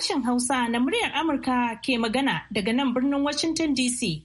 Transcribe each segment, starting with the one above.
Sashen Hausa na muryar Amurka ke magana daga nan birnin Washington DC.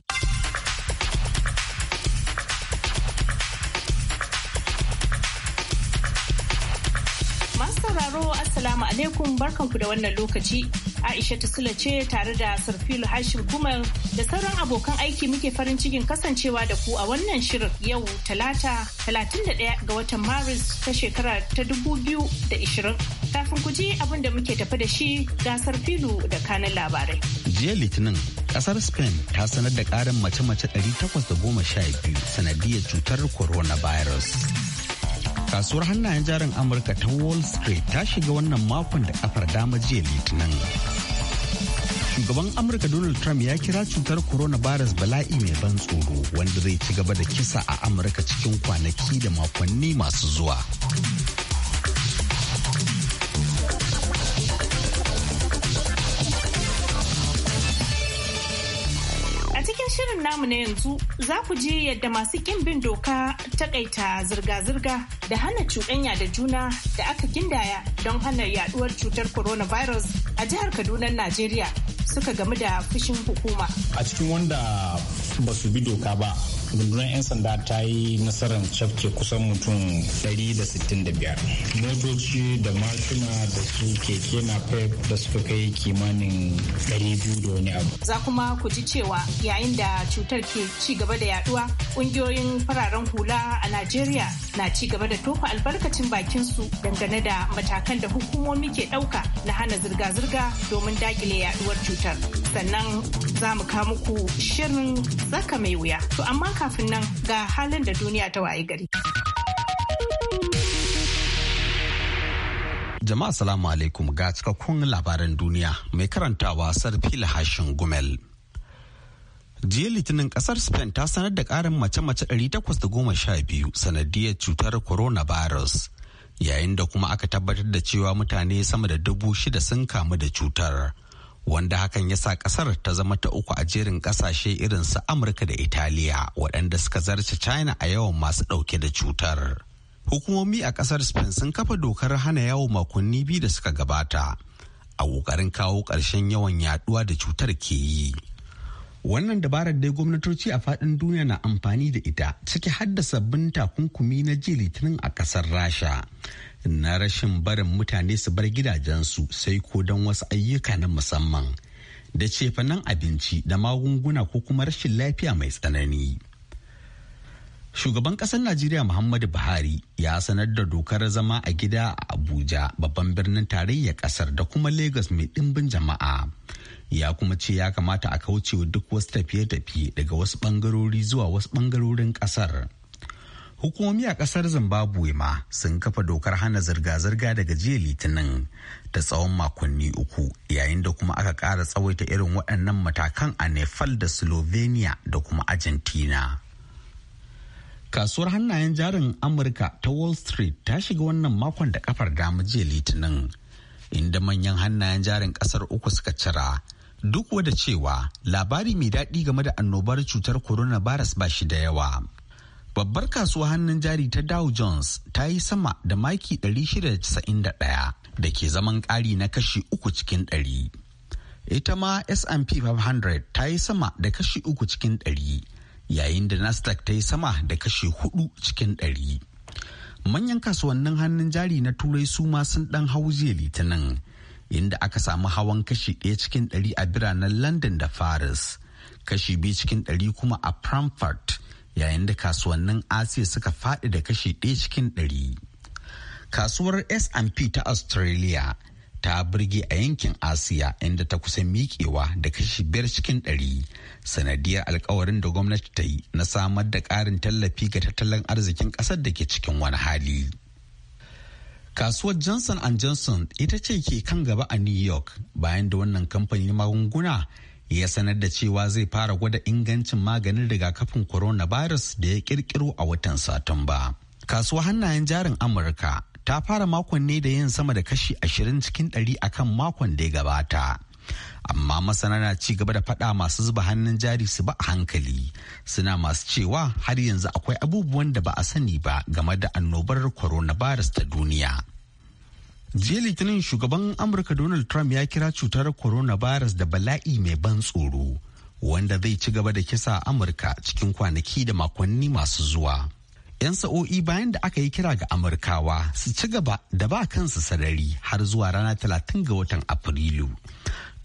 Masu sauraro Assalamu alaikum barkanku da wannan lokaci. Aisha Tusula ce tare da Sarfilu Hashim Kumar da sauran abokan aiki muke farin cikin kasancewa da ku a wannan shirin yau talata 31 ga watan Maris ta shekara ta 2020. Kafin ku ji abin da muke tafi da shi ga Sarfilu da kanan labarai. Jiya Litinin, kasar Spain ta sanar da karin mace-mace 812 sanadiyar cutar coronavirus. kasuwar hannayen jarin amurka ta wall street ta shiga wannan makon da kafar dama jiya litinin shugaban amurka donald trump ya kira cutar coronavirus bala'i mai ban tsoro wanda zai ci gaba da kisa a amurka cikin kwanaki da makonni masu zuwa a cikin shirin namu na yanzu za ku je yadda masu kin bin doka takaita zirga-zirga da hana cuɗanya da juna da aka gindaya don hana yaduwar cutar coronavirus a jihar kaduna najeriya suka gamu da fushin hukuma. A cikin wanda ba su bi doka ba rundunar 'yan sanda ta yi nasarar cafke kusan mutum 165 motoci da mashina da su keke na pep da suka kai kimanin 200 da wani abu za kuma ku ji cewa yayin da cutar ke ci gaba da yaduwa kungiyoyin fararen hula a najeriya na ci gaba da tofa albarkacin bakin su dangane da matakan da hukumomi ke dauka na hana zirga-zirga domin dakile yaduwar cutar sannan za mu kawo muku shirin zaka mai wuya to amma kafin nan ga halin da duniya ta waye gari. Jama'a salamu alaikum ga cikakkun labaran duniya mai karantawa sarfila hashin gumel. jiya litinin kasar spain ta sanar da karin mace-mace 812 sanadiyar cutar coronavirus yayin da kuma aka tabbatar da cewa mutane sama da dubu shida sun kamu da cutar wanda hakan ya sa kasar ta zama ta uku a jerin kasashe irin su amurka da italiya waɗanda suka zarce china a yawan masu ɗauke da cutar hukumomi a kasar spain sun kafa dokar hana yawo makonni biyu da suka gabata a ƙoƙarin kawo ƙarshen yawan yaduwa da cutar ke yi wannan dabarar dai gwamnatoci a faɗin duniya na amfani da ita ciki har da sabbin takunkumi na ji litinin a ƙasar rasha na rashin barin mutane su bar gidajensu sai ko don wasu ayyuka na musamman da cefanen abinci da magunguna ko kuma rashin lafiya mai tsanani. Shugaban ƙasar Najeriya Muhammadu Buhari ya sanar da dokar zama a gida a Abuja babban birnin tarayyar ƙasar da kuma Lagos mai ɗimbin jama'a. Ya kuma ce ya kamata a kaucewa duk wasu tafiye-tafiye daga wasu ɓangarori zuwa wasu ɓangarorin ƙasar. hukumomi a kasar zimbabwe ma sun kafa dokar hana zirga-zirga daga jiya litinin ta tsawon makonni uku yayin da kuma aka ƙara tsawaita irin waɗannan matakan a nepal da slovenia da kuma argentina kasuwar hannayen jarin amurka ta wall street ta shiga wannan makon da kafar dama jiya litinin inda manyan hannayen jarin kasar uku suka cira duk wada cewa labari mai daɗi game da annobar cutar coronavirus ba shi da yawa Babbar kasuwa hannun jari ta Dow Jones ta yi sama da maki 691 da ke zaman ƙari na kashi uku cikin ɗari. Ita ma S&P 500 ta yi sama da kashi uku cikin ɗari, yayin da Nasdaq ta yi sama da kashi hudu cikin ɗari. Manyan kasuwannin hannun jari na Turai su ma sun ɗan hau jiya Litinin, inda aka samu hawan kashi ɗaya cikin ɗari a biranen London da Paris, kashi biyu cikin ɗari kuma a Frankfurt. yayin da kasuwannin asiya suka faɗi da kashi ɗaya cikin ɗari kasuwar S&P ta australia ta birge a yankin asiya inda ta kusa miƙewa da kashi biyar cikin ɗari sanadiyar alkawarin da gwamnati ta yi na samar da ƙarin tallafi ga tattalin arzikin ƙasar da ke cikin wani hali kasuwar johnson johnson ita ce ke kan gaba a new york bayan da wannan kamfanin magunguna ya sanar da cewa zai fara gwada ingancin maganin rigakafin coronavirus da ya kirkiro a watan satumba kasuwa hannayen jarin amurka ta fara makon ne da yin sama da kashi ashirin cikin ɗari kan makon da ya gabata amma masana na ci gaba da faɗa masu zuba hannun jari su ba a hankali suna masu cewa har yanzu akwai abubuwan da ba a sani ba game da annobar coronavirus ta duniya jiya litinin shugaban amurka donald trump ya kira cutar coronavirus da bala'i mai ban tsoro wanda zai ci gaba da kisa amurka cikin kwanaki da makonni masu zuwa 'yan sa'o'i bayan da aka yi kira ga amurkawa su ci gaba da ba kansu sarari har zuwa rana 30 ga watan afrilu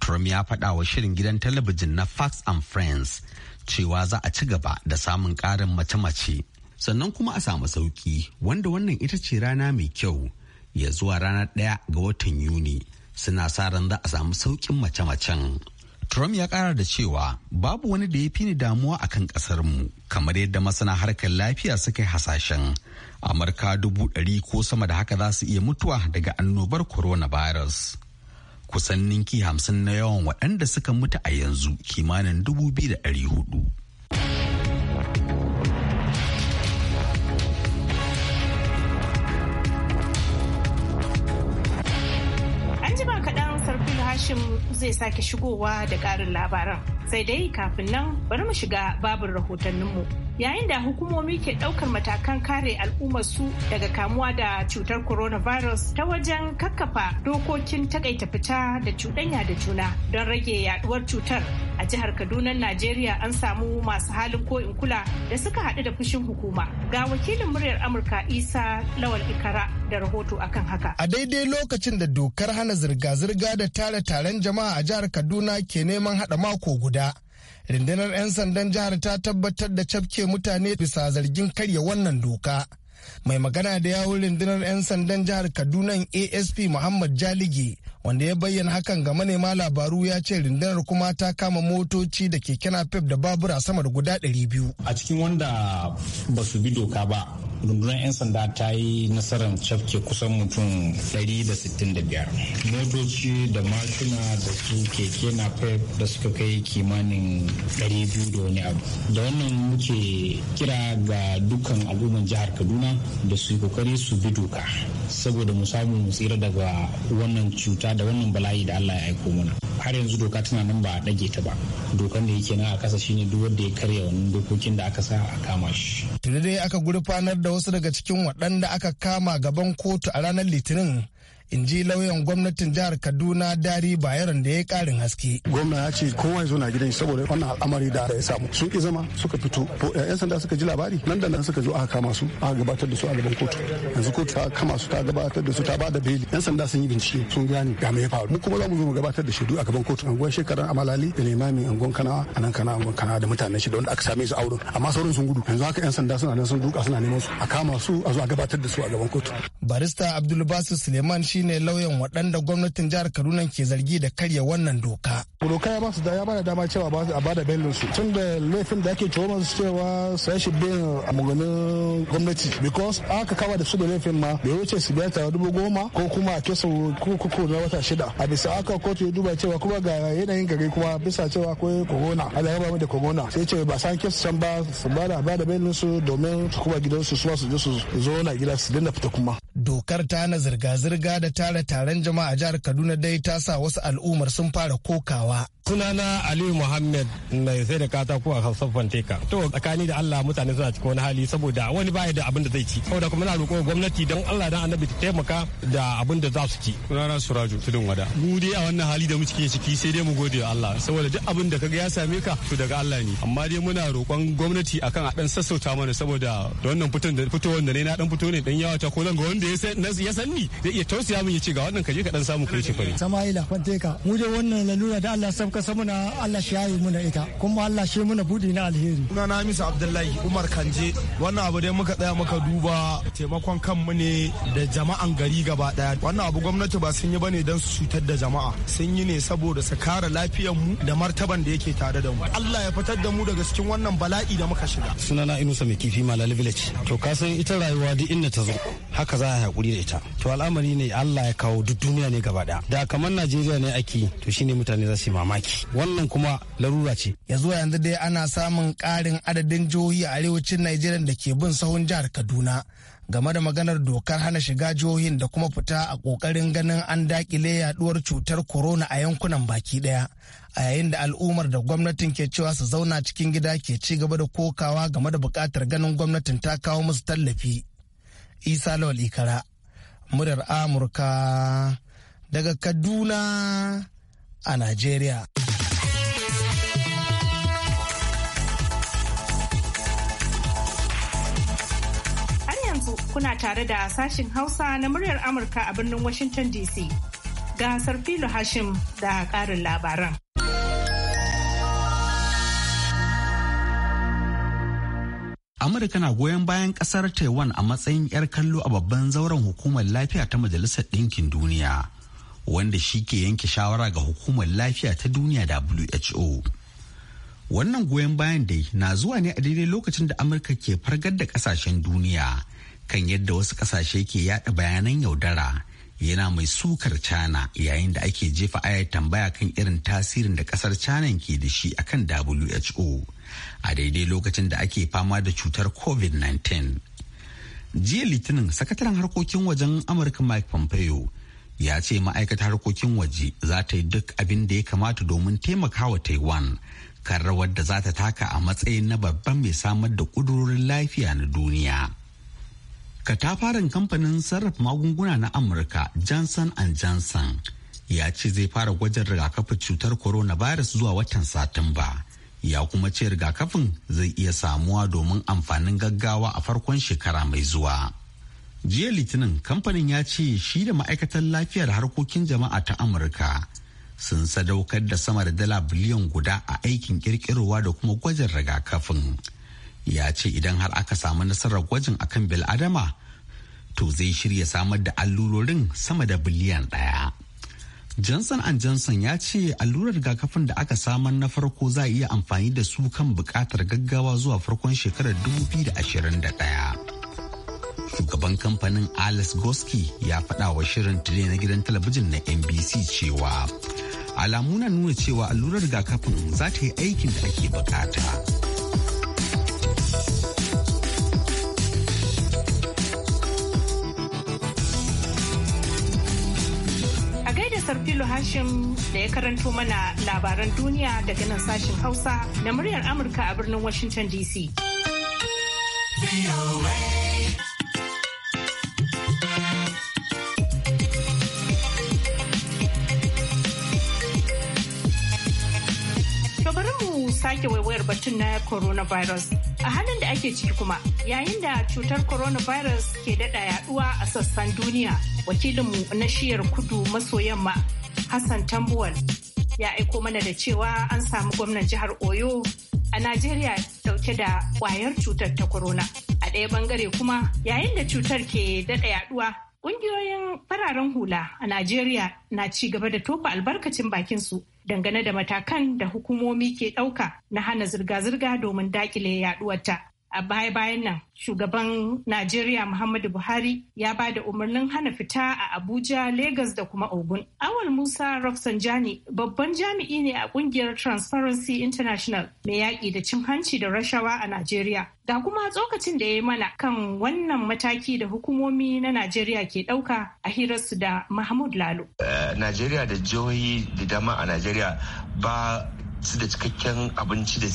trump ya faɗa wa shirin gidan talabijin na fox and friends cewa za a ci gaba da samun ƙarin mace-mace sannan kuma a samu sauki wanda wannan ita ce rana mai kyau ya zuwa ranar ɗaya ga watan Yuni suna sa ran za a samu saukin mace-macen. Trump ya ƙara da cewa babu wani da ya fi ni damuwa a kan mu. kamar yadda masana harkar lafiya suka yi hasashen. Amurka dubu ɗari ko sama da haka za su iya mutuwa daga annobar coronavirus. Kusan ninki hamsin na yawan waɗanda suka mutu a yanzu kimanin dubu biyu da ɗari hudu. zai sake shigowa da ƙarin labaran. Sai dai kafin nan bari mu shiga babin rahotanninmu. yayin da hukumomi ke ɗaukar matakan kare al'umma su daga kamuwa da cutar coronavirus ta wajen kakkafa dokokin takaita fita da cuɗanya da juna don rage yaduwar cutar a jihar kaduna najeriya an samu masu halin ko in kula da suka haɗu da fushin hukuma ga wakilin muryar amurka isa lawal ikara da rahoto akan haka a daidai lokacin da dokar hana zirga-zirga da tare taren jama'a a jihar kaduna ke neman haɗa mako guda Rundunar 'yan sandan jihar ta tabbatar da cafke mutane bisa zargin karya wannan doka. mai magana da yawun rundunar 'yan sandan jihar kaduna asp muhammad jalige wanda ya bayyana hakan ga manema labaru ya ce rundunar kuma ta kama motoci da keke napep da babura sama da guda 200 a cikin wanda ba su bi doka ba rundunar 'yan sanda ta yi nasarar cafke kusan mutum 165 motoci da mashina da su keke napep da suka kai kimanin 200 da wani abu da wannan muke kira ga dukkan al'umman jihar kaduna kuma da su yi kokari su bi doka saboda mu samu mu tsira daga wannan cuta da wannan bala'i da Allah ya aiko mana har yanzu doka tana nan ba a dage ta ba dokan da yake nan a kasa shine duk wanda ya karya wannan dokokin da aka sa a kama shi tunda dai aka gurfanar da wasu daga cikin waɗanda aka kama gaban kotu a ranar litinin in ji lauyan gwamnatin jihar kaduna dari bayaran da ya karin haske gwamna ya ce kowa ya zo na gidan saboda wannan al'amari da ya samu sun ki zama suka fito eh, yan sanda suka ji labari nan da nan suka zo aka kama su aka gabatar da su a gaban kotu yanzu kotu ta kama su ta gabatar da su ta bada beli yan sanda sun yi bincike sun gane ga me ya faru mu kuma za mu zo mu gabatar da shaidu a gaban kotu an anguwar shekaran amalali da limamin angon kanawa a nan kana angon kanawa da mutanen shi da wanda aka same su auren amma sauran sun gudu yanzu haka yan sanda suna nan sun duka suna neman su a kama su a zo a gabatar da su a gaban kotu barista abdulbasu suleiman shi shine lauyan waɗanda gwamnatin jihar Kaduna ke zargi da karya wannan doka. Doka ya ba su da ya bada dama cewa a bada belin su tun da laifin da ake cewa su cewa su yashi bin a maganin gwamnati because aka kawo da su da laifin ma bai wuce su biya tara dubu goma ko kuma a kesa kuku na wata shida a bisa aka kotu ya duba cewa kuma ga yanayin gari kuma bisa cewa akwai a da ya ba da kogona sai ce ba san kesa can ba su bada bada belin su domin su kuma gidansu su su je su zo na gida su dinga fita kuma. Dokar ta na zirga-zirga da da tara taron jama'a jihar Kaduna dai ta sa wasu al'ummar sun fara kokawa. Sunana Aliyu Muhammad mai sai da katako a Hausa Fanteka. To tsakani da Allah mutane suna cikin wani hali saboda wani baya da abin da zai ci. Saboda kuma na roƙo gwamnati don Allah dan Annabi ta taimaka da abin da za su ci. Sunana Suraju Tudun Wada. Mu dai a wannan hali da muke ciki sai dai mu gode wa Allah saboda duk abin da kaga ya same ka to daga Allah ne. Amma dai muna roƙon gwamnati akan a dan sassauta mana saboda da wannan fitowar da ne na dan fito ne dan yawata ko zan ga wanda ya san ni zai iya tausaya shirya yi yace ga wannan kaje ka dan samu kai ce fare sama'ila kwante ka mu je wannan lalura da Allah sabka samuna Allah shi yayi muna ita kuma Allah shi muna budi na alheri kuna na Misa Abdullahi Umar Kanje wannan abu dai muka tsaya muka duba taimakon kanmu ne da jama'an gari gaba daya wannan abu gwamnati ba sun yi bane dan su cutar da jama'a sun yi ne saboda su kare lafiyar mu da martaban da yake tare da mu Allah ya fitar da mu daga cikin wannan bala'i da muka shiga sunana Inusa mai kifi Malali Village to ka san ita rayuwa duk inda ta zo haka za a hakuri da ita to al'amari ne Allah ya kawo duk duniya ne gaba ɗaya da kamar Najeriya ne ake to shine mutane za su mamaki wannan kuma larura ce ya zuwa yanzu dai ana samun ƙarin adadin jihohi a arewacin Najeriya da ke bin sahun jihar Kaduna game da maganar dokar hana shiga jihohin da kuma fita a kokarin ganin an dakile yaduwar cutar corona a yankunan baki daya a yayin da al'ummar da gwamnatin ke cewa su zauna cikin gida ke ci gaba da kokawa game da bukatar ganin gwamnatin ta kawo musu tallafi isa lawal ikara muryar Amurka daga Kaduna a Najeriya. Har yanzu kuna tare da sashin Hausa na muryar Amurka a birnin Washington DC. Ga Filo Hashim da ƙarin labaran. amurka na goyon bayan kasar taiwan a matsayin 'yar kallo a babban zauren hukumar lafiya ta majalisar ɗinkin duniya wanda shi ke yanke shawara ga hukumar lafiya ta duniya who wannan goyon bayan dai na zuwa ne a daidai lokacin da amurka ke fargar da kasashen duniya kan yadda wasu kasashe ke yada bayanan yaudara yana mai sukar cana yayin da ake jefa ayar tambaya kan irin tasirin da kasar cana ke da shi akan who a daidai lokacin da ake fama da cutar covid-19 jiya litinin sakataren harkokin wajen amurka mike pompeo ya ce ma'aikatar harkokin waje za ta yi duk abin da ya kamata domin taimakawa taiwan kan rawar da za ta taka a matsayin na babban mai samar da kudurorin lafiya na duniya katafaren kamfanin sarrafa magunguna na amurka johnson johnson ya ce zai fara gwajin rigakafin cutar corona virus zuwa watan satumba ya kuma ce rigakafin zai iya samuwa domin amfanin gaggawa a farkon shekara mai zuwa. jiya litinin kamfanin ya ce shi da ma'aikatan lafiyar harkokin jama'a ta amurka sun sadaukar da sama da dala biliyan guda a aikin kirkirowa da kuma gwajin rigakafin ya ce idan har aka samu nasarar gwajin akan bil'adama to zai shirya samar da allurorin sama da biliyan ɗaya. johnson johnson ya ce allurar rigakafin da aka samar na farko za a iya amfani da su kan bukatar gaggawa zuwa farkon shekarar 2021 shugaban kamfanin alice goski ya faɗa wa shirin tire na gidan talabijin na nbc cewa alamu na nuna cewa allurar rigakafin za ta yi aikin da ake bukata. Bello Hashim da ya karanto mana labaran duniya daga nan sashen Hausa na muryar Amurka a birnin Washington DC. sake waiwayar batun na coronavirus a halin da ake ciki kuma yayin da cutar coronavirus ke dada yaduwa a sassan duniya wakilinmu na shiyar kudu maso yamma Hassan Tambuwal ya aiko mana da cewa an samu gwamnan jihar Oyo a Najeriya dauke da kwayar cutar ta corona. A ɗaya bangare kuma yayin da cutar ke daɗa yaɗuwa, Ƙungiyoyin fararen hula a Najeriya na ci gaba da tofa albarkacin bakinsu dangane da matakan da hukumomi ke ɗauka na hana zirga-zirga domin dakile yaɗuwarta a baya-bayan nan shugaban najeriya muhammadu buhari ya ba da umarnin hana fita a abuja lagos da kuma ogun awal musa rafsanjani babban jami'i ne a kungiyar transparency international mai yaƙi da cin hanci da rashawa a najeriya ga kuma tsokacin da ya yi mana kan wannan mataki da hukumomi na najeriya ke ɗauka a hirarsu da mahmud lalo eh, najeriya da jihohi da dama a najeriya ba su da cikakken abinci da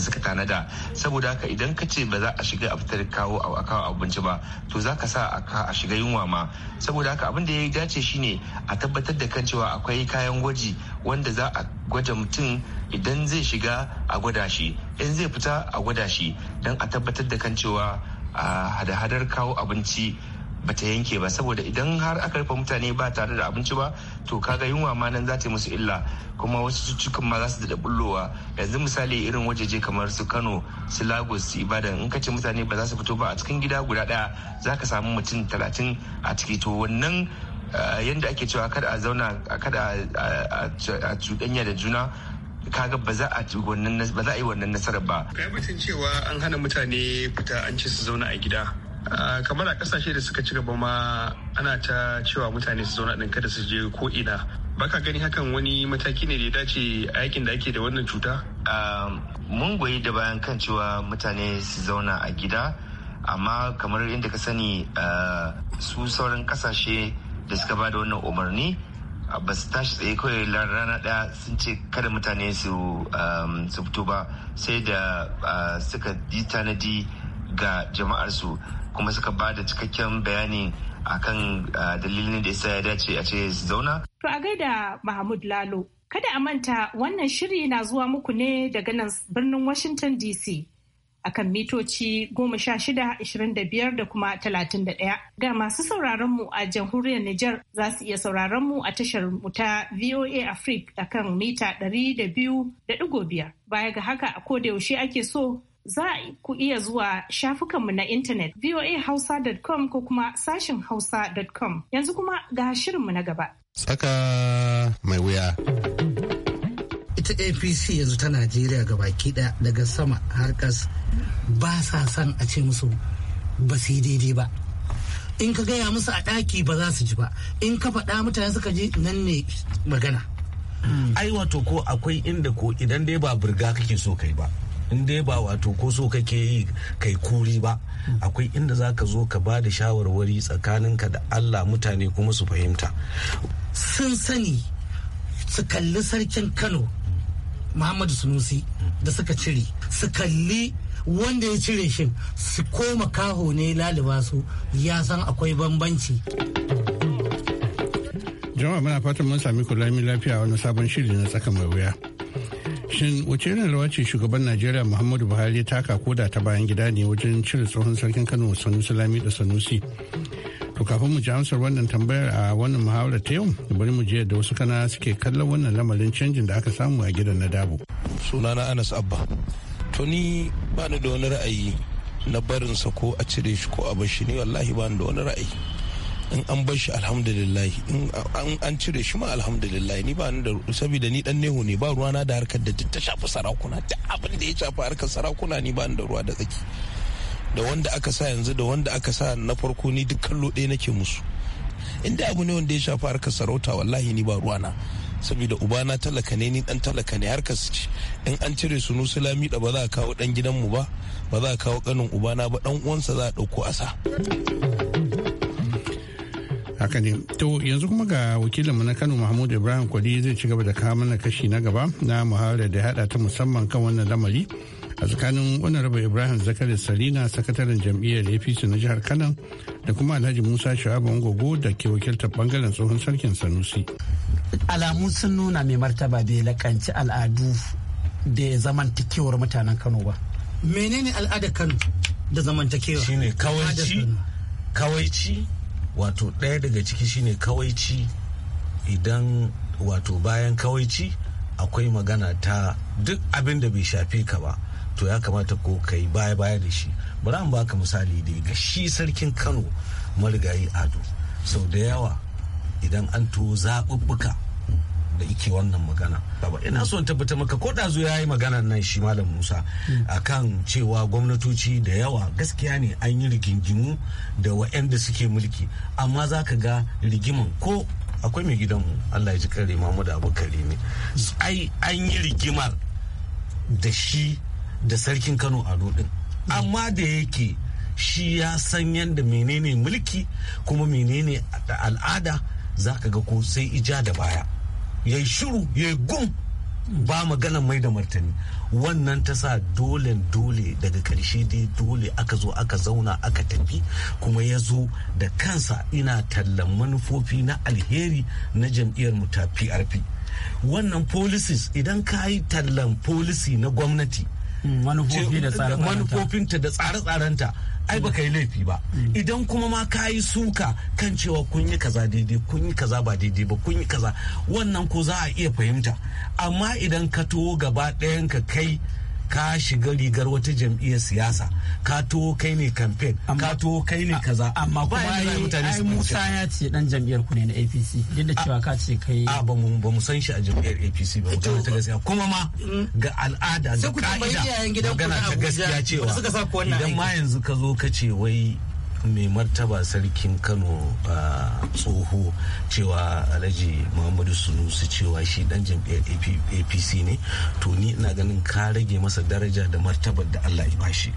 suka tanada saboda haka idan ka ce ba za a shiga a fitar kawo a kawo abinci ba to za ka sa a shiga yunwa ma saboda haka abin da ya dace shine a tabbatar da kan cewa akwai kayan gwaji wanda za a gwada mutum idan zai shiga a gwada shi in zai fita a gwada shi don a tabbatar da kan cewa hada-hadar kawo abinci bata yanke ba saboda idan har aka rufe mutane ba tare da abinci ba to kaga yunwa ma nan za ta musu illa kuma wasu cututtukan ma za su da bullowa yanzu misali irin wajeje kamar su Kano su Lagos su Ibadan in ka ce mutane ba za su fito ba a cikin gida guda ɗaya za ka samu mutum talatin a ciki to wannan eh, yadda ake cewa kada a zauna kada a cuɗanya da juna kaga ba za a yi wannan nasarar ba. Kai mutum cewa an hana mutane fita an ce su zauna a gida. Ah, kamar a kasashe da suka ci gaba ma ana ta cewa mutane su zauna ɗin kada su je ko ina baka gani hakan wani mataki ne da ya dace a yakin da ake da wannan cuta ah, mun goyi da bayan kan cewa mutane su zauna a gida amma kamar inda ka sani ah, su sauran kasashe da suka ba da wannan umarni ba su tashi tsaye kawai rana ɗaya sun ce kada mutane su fito ba sai da suka yi tanadi ga jama'arsu kuma suka ba da cikakken bayani akan dalilin da yasa ya dace a ce su zauna. To a gaida Mahmud Lalo, kada a manta wannan shiri na zuwa muku ne daga nan birnin Washington DC. akan mitoci goma sha shida ishirin da biyar da kuma talatin da ɗaya. Ga masu sauraron mu a jamhuriyar Nijar za su iya sauraron mu a tashar mu ta VOA Africa akan mita ɗari da biyu da ɗigo biyar. Baya ga haka a koda yaushe ake so za ku iya zuwa shafukanmu na intanet voahausa.com ko kuma sashin hausa.com yanzu kuma ga shirinmu na gaba. Tsaka mai wuya. Ita APC yanzu ta Najeriya ga baki ɗaya daga sama har kas ba sa son a ce musu ba su yi daidai ba. In ka gaya musu a ɗaki ba za su ji ba, in ka faɗa mutane suka ji nan ne magana. Ai wato ko akwai inda ko idan dai ba burga kake so kai ba. in dai ba wato ko so kake yi kai kuri ba akwai inda za ka zo ka ba da shawarwari tsakaninka da allah mutane kuma su fahimta sun sani su kalli sarkin kano muhammadu sunusi da suka cire su kalli wanda ya cire shi su koma kaho ne laliba su ya san akwai bambanci jama'a muna fatan mun sami kulami lafiya wani sabon shiri na tsaka mai wuya shin wace ne rawa shugaban najeriya muhammadu buhari taka koda ta bayan gida ne wajen cire tsohon sarkin kano sanusi lami da sanusi to kafin mu ji amsar wannan tambayar a wannan muhawarar ta yau bari mu je da wasu kana suke kallon wannan lamarin canjin da aka samu a gidan na dabo sunana anas abba to ni ba da wani ra'ayi na barinsa ko a cire shi ko a bashi ni wallahi bani da wani ra'ayi in an bar shi alhamdulillah in an cire shi ma alhamdulillah ni ba ni da saboda ni dan neho ne ba ruwana da harkar da ta shafi sarakuna ta abin da ya shafi harkar sarakuna ni ba ni da ruwa da tsaki da wanda aka sa yanzu da wanda aka sa na farko ni duk kallo ɗaya nake musu inda abu ne wanda ya shafi harkar sarauta wallahi ni ba ruwana saboda ubana talaka ne ni dan talaka ne har ci in an cire su nusulami da ba za a kawo dan gidanmu ba ba za a kawo kanin ubana ba dan uwansa za a dauko asa. haka ne to yanzu kuma ga wakilinmu na kano mahmud ibrahim kwadi zai ci gaba da kawo mana kashi na gaba na muhawarar da hada ta musamman kan wannan lamari a tsakanin wannan raba ibrahim zakari salina sakataren jam'iyyar apc na jihar kano da kuma alhaji musa shawabu ngogo da ke wakiltar bangaren tsohon sarkin sanusi alamu sun nuna mai martaba bai lakanci al'adu da zamantakewar mutanen kano ba menene al'adar kano da zamantakewa shine kawaici kawaici wato ɗaya daga ciki shine kawaici idan wato bayan kawaici akwai magana ta duk abin da bai shafe ka ba to ya kamata ko ka yi baya baya da shi bari an baka misali dai ga shi sarkin kano marigayi ado sau da yawa idan an to zaɓuɓɓuka da ike wannan magana ina son tabbatar maka ko ɗazu ya yi maganar nan shi malam musa hmm. akan cewa gwamnatoci da yawa gaskiya ne an yi rigingimu da wa'anda suke mulki amma za ka ga rigiman ko akwai mai gidanmu allah ya ji kare mamu da abu ne ai an yi rigimar da shi da sarkin kano a din hmm. amma da yake shi ya san yadda menene mulki kuma menene al'ada za ka ga ko sai ija da baya ya yi shiru ya yi gun ba magana mai da martani wannan ta sa dole dole daga karshe dai dole aka zo aka zauna aka tafi kuma ya zo da kansa ina tallan manufofi na alheri na jam'iyyar mu ta prp wannan policies idan ka yi tallan policy na gwamnati manufofinta da tsare-tsarenta ai baka yi laifi ba mm. idan kuma ma ka yi suka kan cewa kun yi kaza daidai kun yi kaza ba daidai ba kun yi kaza wannan ko za a iya fahimta amma idan ka tuwo gaba ɗayan ka kai ka shiga rigar wata jam'iyyar siyasa ka to kai ne campaign ka to kai ne kaza amma kuma ai mutane su Musa ya ce dan jam'iyyar ku ne na APC duk da cewa ka ce kai a ba mu ba mu san shi a jam'iyyar APC ba eh, mutum ta gaskiya kuma ma mm. ga al'ada da ka'ida magana ta gaskiya cewa idan ma yanzu ka zo ka ce wai mai martaba sarkin kano tsoho cewa alhaji muhammadu sunusu cewa shi dan jam'iyyar apc ne to ni ina ganin ka rage masa daraja da martabar da allah ya bashi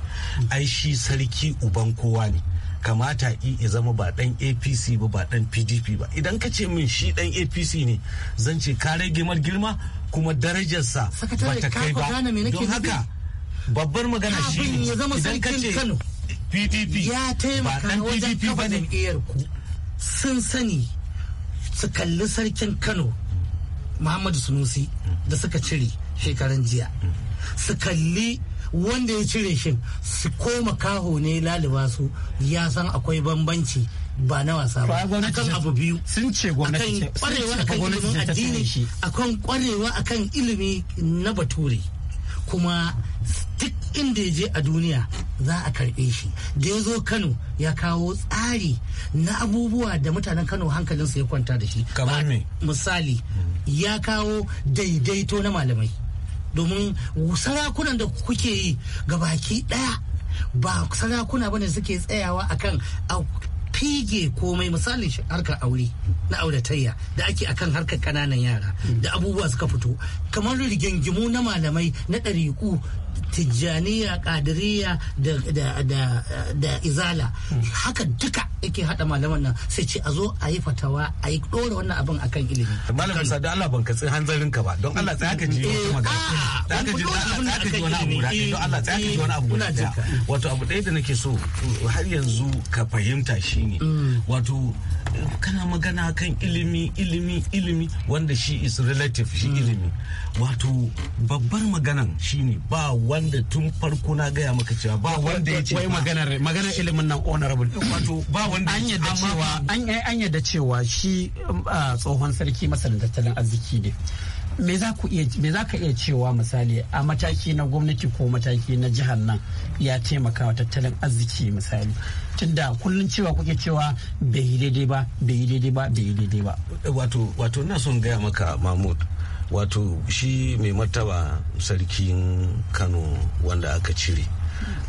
ai shi sarki uban kowa ne kamata i ya zama ba dan apc ba ba dan pdp ba idan ka ce min shi dan apc ne zan ce ka rage mar girma kuma darajarsa ba ta kai ba don haka babbar magana shi ne idan ka ce PPP ya taimaka wajen kafa jam'iyyar ku sun sani su kalli sarkin kano muhammadu sunusi da suka cire shekaran jiya su kalli wanda ya cire shi su koma kaho ne laliba su ya san akwai bambanci ba na wasa ba akan abu biyu sun ce gwamnati akan kwarewa akan ilimin addini akan kwarewa akan ilimi na bature kuma duk inda ya je a duniya za a karɓe shi da ya zo kano ya kawo tsari na abubuwa da mutanen kano hankalinsu ya kwanta da shi misali ya kawo daidaito na malamai domin sarakunan da kuke yi ga baki ɗaya ba sarakuna bane suke tsayawa akan fige komai misali harkar aure na auratayya da ake akan harkar kananan yara da abubuwa suka fito kamar rigingimu na malamai na ɗariku tijjaniya kadiriya da izala haka duka yake hada malaman nan sai ce a zo a yi fatawa a yi dora wannan abin akan ilimi malamin sa da Allah ban hanzarin ka ba don Allah tsaya ka ji wani magana eh, ah, da ka ji wani abu don Allah tsaya ka ji wani abu eh, guda wato abu ɗaya da nake so har yanzu ka fahimta shi ne. Mm. wato kana magana kan ilimi ilimi ilimi wanda shi is relative shi mm. ilimi wato babbar maganan shine ba wanda tun farko na gaya maka cewa ba wanda ya ce wai maganar maganar ilimin nan honorable wato ba wanda an yadda cewa an yadda cewa shi uh, tsohon sarki masanin tattalin arziki ne me za ku iya me za ka iya cewa misali a mataki na gwamnati ko mataki na jihar nan ya taimaka wa tattalin arziki misali tunda kullun cewa kuke cewa bai yi daidai ba bai yi daidai ba bai yi daidai ba wato wato ina son gaya maka mahmud wato shi mai martaba sarkin kano wanda aka cire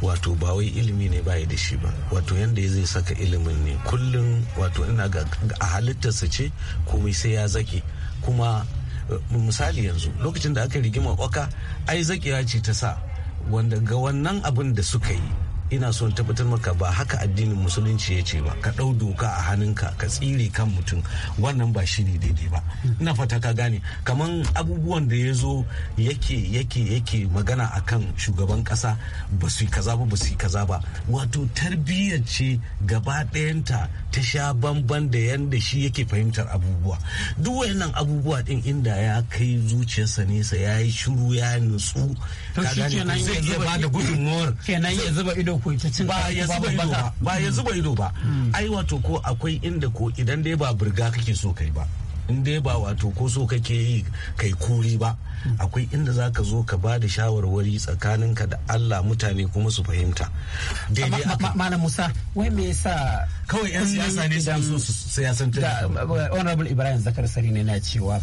wato ba wai ilimi ne ba da shi ba wato yanda zai saka ilimin ne kullum wato ina ga a halittarsa ce komai sai ya zake kuma eh, misali yanzu lokacin da aka rigima oka ai zakiya ce ta sa wanda ga wannan abin da suka yi ina son tabbatar maka ba haka addinin musulunci ya ce ba ka ɗau doka a hannunka ka tsire kan mutum wannan ba shi daidai ba ina fata ka gane kaman abubuwan da ya zo yake yake yake magana akan shugaban ƙasa ba su kaza ba ba su kaza ba wato tarbiyyar ce gaba ɗayanta ta sha bamban da yanda shi yake fahimtar abubuwa duk wayannan abubuwa din inda ya kai zuciyarsa nesa ya yi shiru ya nutsu ka gane zai iya ba da kenan ya zuba ido akwai ta cin ba ya mm. zuba ido ba ba mm. ai wato ko akwai inda ko idan dai ba burga kake so kai ba in dai ba wato ko so kake yi kai kuri ba mm. akwai inda za ka zo ka ba da shawarwari tsakaninka da Allah mutane kuma su fahimta daidai aka malam Musa wai me yasa kawai yan siyasa ne su siyasantar da honorable Ibrahim Zakar Sari ne na cewa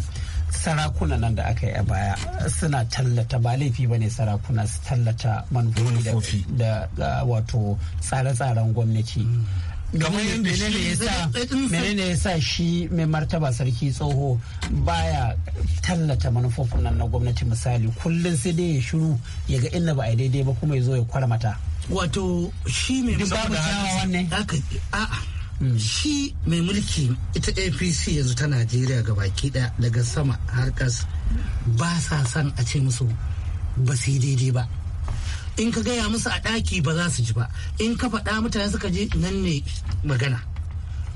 sarakuna nan da aka yi a baya suna tallata ba laifi ba ne sarakuna su tallata manufofi da wato tsare-tsaren gwamnati hmm. menene ya sa shi mai martaba sarki tsoho baya tallata manufofin nan na gwamnati misali kullum sai dai ya shiru ya ga inda ba a daidai ba kuma ya zo ya kwarmata wato shi mai martaba wannan shi mai mulki ita apc yanzu ta najeriya ga baki daya daga sama har kas ba sa son a ce musu ba su yi daidai ba in ka gaya musu a ɗaki ba za su ji ba in ka faɗa mutane suka je nan ne magana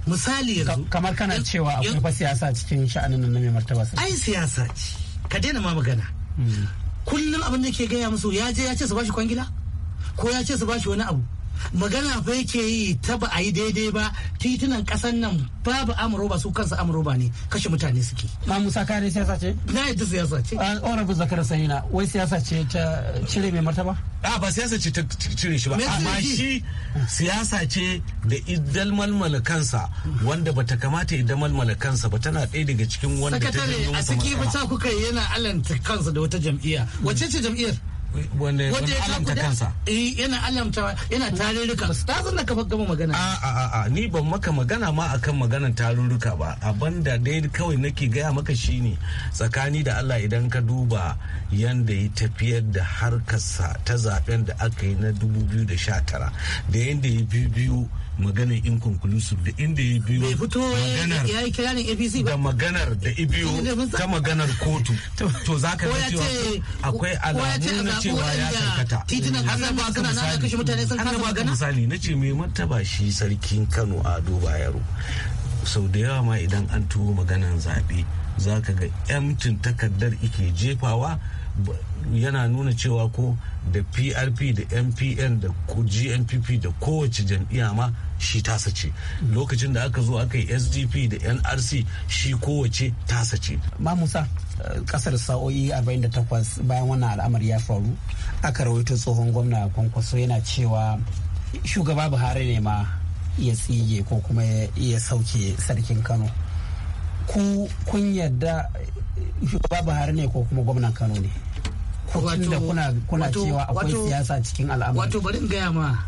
misali yanzu kamar kana cewa akwai fa siyasa cikin sha'anin nan mai martaba ai siyasa ce ka daina ma magana hmm. kullum abin da ke gaya musu ya je ya ce su bashi kwangila ko ya ce su bashi wani abu magana fa yake yi ta ba a yi daidai ba titunan kasan nan babu ba su kansu ba ne kashe mutane suke ma musa kare siyasa ce na yadda siyasa ce an ah, bu zakar sanina wai siyasa ce ta cire mai martaba a ba siyasa ce ta cire shi ba amma shi siyasa ce da idan malmala kansa wanda bata kamata idan malmala kansa ba tana ɗaya daga cikin wanda ta sakatare a ciki ba ta kuka yana alanta kansa da wata jam'iyya wace ce jam'iyyar wanda ya alamta kansa eh yana alamta yana tarurruka ta zanna kafa gama magana a a a ni ban maka magana ma akan maganan tarurruka ba abanda dai kawai nake gaya maka shine tsakani da Allah idan ka duba yanda ya tafiyar da harkarsa ta zaben da aka yi na 2019 da yanda ya biyu maganar inconclusive da inda ya biyo maganar da maganar da ibiyo ta maganar kotu to za ka cewa akwai alamu na cewa ya karkata har ba ka misali na ce mai martaba shi sarkin kano a duba sau da yawa ma idan an tuwo maganar zaɓe za ka ga yamcin takardar ike jefawa yana nuna cewa ko da prp da mpn da gnpp da kowace jam'iyya ma shi tasa ce lokacin da aka zo aka yi sdp da nrc shi kowace tasa ce ma musa kasar sa'o'i 48 bayan wannan al'amari ya faru aka rawaito tsohon gwamna kwankwaso yana cewa shugaba buhari ne ma ya tsige ko kuma ya sauke sarkin kano ku kun yarda shugaba buhari ne ko kuma gwamnan kano ne da kuna kuna akwai siyasa cikin al'amari wato bari in gaya ma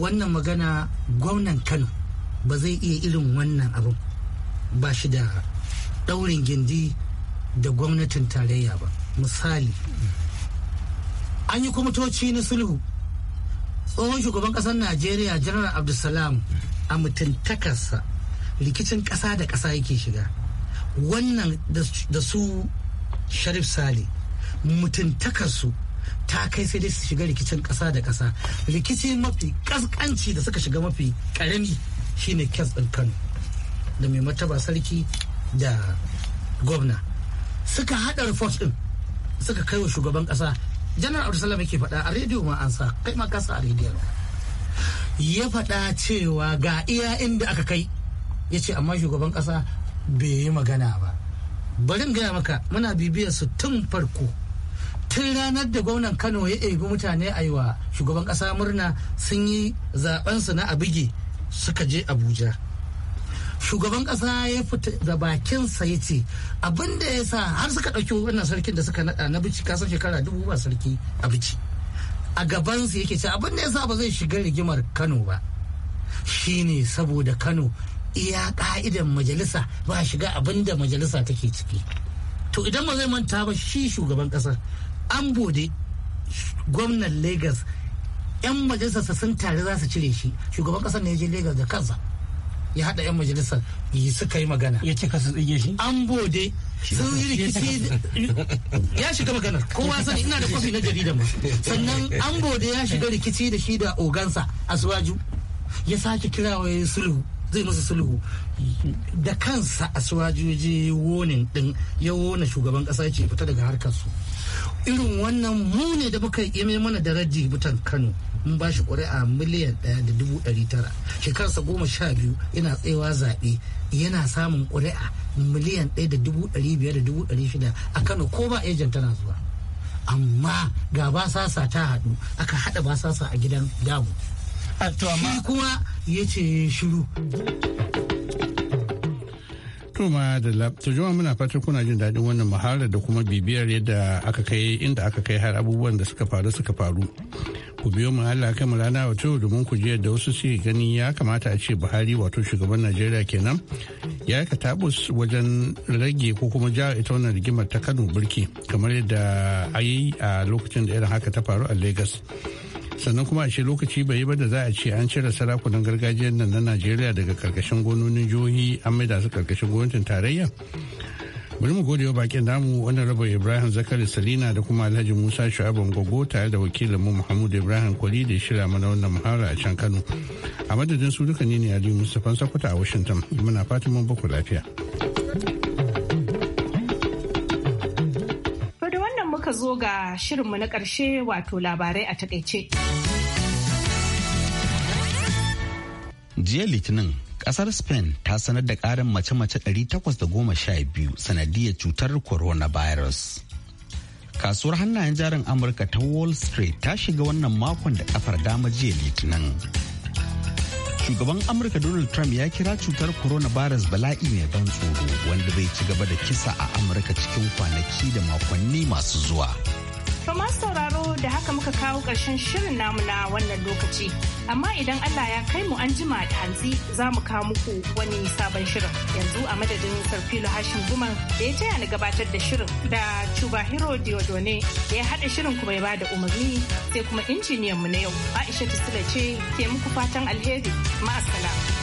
wannan magana gwamnan Kano ba zai iya irin wannan abin ba shi da daurin gindi da gwamnatin tarayya ba misali an yi kwamitoci na sulhu tsohon shugaban kasar najeriya janar abdulsalam a mutuntakarsa rikicin kasa da kasa yake shiga wannan da su sharif sale mutuntakarsu ta kai sai dai su shiga rikicin kasa da kasa rikici mafi kaskanci da suka shiga mafi karami shine kes ɗin kano da mai mataba sarki da gwamna suka haɗa report ɗin suka kai wa shugaban ƙasa janar abdulsalam yake faɗa a rediyo ma an sa kai ma kasa a rediyo ya faɗa cewa ga iya inda aka kai ya ce amma shugaban kasa bai yi magana ba bari gaya maka muna bibiyar su tun farko tun ranar da gwamnan kano ya ebi mutane a wa shugaban kasa murna sun yi zaɓensu na abige suka je abuja shugaban ƙasa ya fita da bakin sa ya ce abin da ya sa har suka ɗauki wannan sarkin da suka naɗa na bici kasan shekara dubu ba sarki a bici a su yake ce abin da ya sa ba zai shiga rigimar kano ba shine saboda kano iya ka'idan majalisa ba shiga abin da majalisa take ciki to idan ba zai manta ba shi shugaban kasa an bode gwamnan lagos 'yan majalisarsa sun tare za su cire shi shugaban kasar ne ya je lagos da kansa ya hada 'yan majalisar yi suka yi magana ya ce kasu tsige shi an bode sun yi rikici ya shiga magana kowa sani ina da kwafi na jarida ma sannan an bode ya shiga rikici da shi da ogansa a suwaju ya sake kirawa ya sulhu zai musu sulhu da kansa a suwaju ya je wonin din ya wona shugaban kasa ya ce fita daga harkar su irin wannan mu ne da muka yi mana da raji kano mun ba shi ƙuri'a miliyan ɗaya da dubu ɗari tara shekarsa goma sha biyu yana tsayawa zaɓe yana samun ƙuri'a miliyan ɗaya da dubu ɗari biyar da dubu ɗari shida a kano ko ba ejen tana zuwa amma ga basasa ta haɗu aka haɗa basasa a gidan damu shi kuma ya ce shiru To ma da to jama'a muna fatan kuna jin daɗin wannan muhalar da kuma bibiyar yadda aka kai inda aka kai har abubuwan da suka faru suka faru. Ku biyo mu Allah kan rana wato domin ku je da wasu su gani ya kamata a ce Buhari wato shugaban Najeriya kenan ya aika tabus wajen rage ko kuma ja ita wannan rigimar ta Kano burki kamar yadda ayi a lokacin da irin haka ta faru a Lagos. sannan kuma a ce lokaci bai yi ba da za a ce an cire sarakunan gargajiyar nan na najeriya daga karkashin gononin jihohi an da su karkashin gwamnatin tarayya bari mu gode wa bakin namu wanda rabar ibrahim zakari salina da kuma alhaji musa shu'aban gogo tare da wakilin mu muhammadu ibrahim kwali da shirya mana wannan muhara a can kano a madadin su duka ne ne ali mustapha sakwata a washington muna fatan mun baku lafiya zo ga shirinmu na ƙarshe wato labarai a takaice. Jiya Litinin, ƙasar Spain ta sanar da ƙarin mace-mace 812 sanadiyar cutar coronavirus. Kasuwar hannayen jarin Amurka ta Wall Street ta shiga wannan makon da kafar dama jiya Litinin. shugaban amurka donald trump ya kira cutar Corona Virus bala'i mai ban tsoro wanda bai ci gaba da kisa a amurka cikin kwanaki da makonni masu zuwa To masu sauraro da haka muka kawo ƙarshen shirin namu na wannan lokaci. Amma idan Allah ya kai mu an jima da hanzi za mu kawo muku wani sabon shirin. Yanzu a madadin Sarfilo Hashim Guman da ya taya ni gabatar da shirin da Cuba Hero Diodone da ya haɗa shirin kuma ya ba da umarni sai kuma injiniyan mu na yau Aisha Tisila ce ke muku fatan alheri ma'asala.